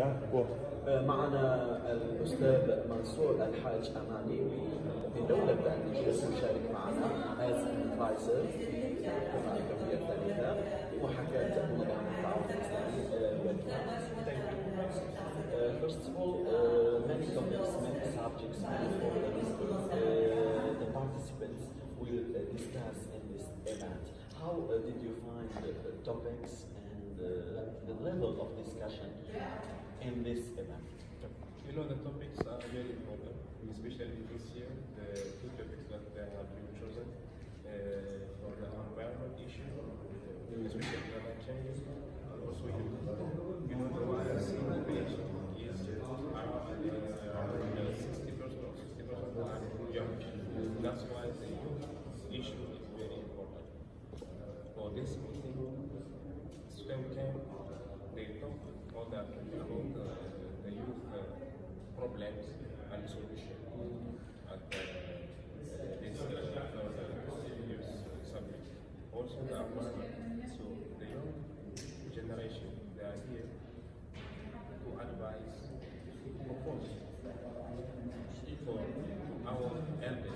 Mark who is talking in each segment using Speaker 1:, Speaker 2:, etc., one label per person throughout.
Speaker 1: معنا الاستاذ منصور الحاج اماني من دوله النيجر مشارك معنا از ادفايزر في الجماعه الدوليه الثالثه لمحاكاه منظمه First of all, uh, many topics, many subjects, many problems. Uh, the participants will uh, discuss in this event. How uh, did you find the topics the, the level of discussion in this event. You know, the topics are very important, especially this year, the two topics that have been chosen uh, for the environment issue, uh, especially climate change, and also human. You know, the virus population is around uh, 60 percent or 60 percent are young. That's why the issue is very important. Uh, for this that about uh, the youth uh, problems and uh, this uh, Also the environment, so the young generation, they are here to advise, to propose for our elders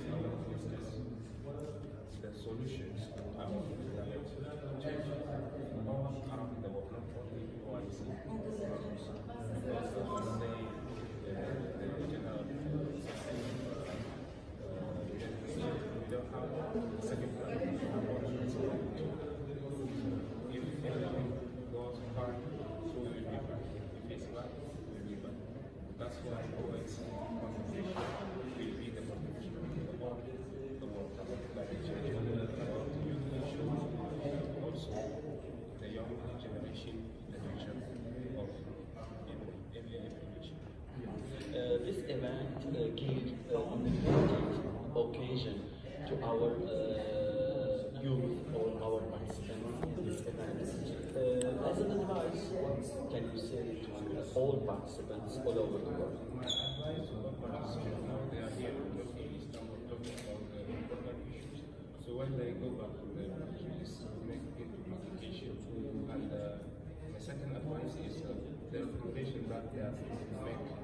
Speaker 1: this event uh, gave uh, an important occasion to our uh, youth or our participants in this event. as an advice, what can you say to all participants all over the world? So when they go back to their countries, make it application. And uh, my second advice is uh, the recommendation that they have to make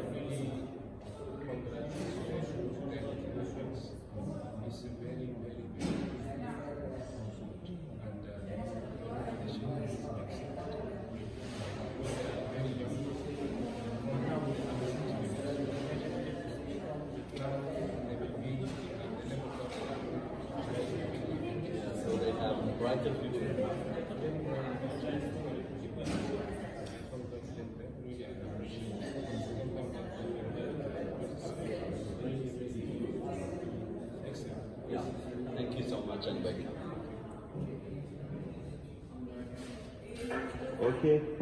Speaker 1: have a brighter future. Yeah. Thank you so much and welcome. Okay.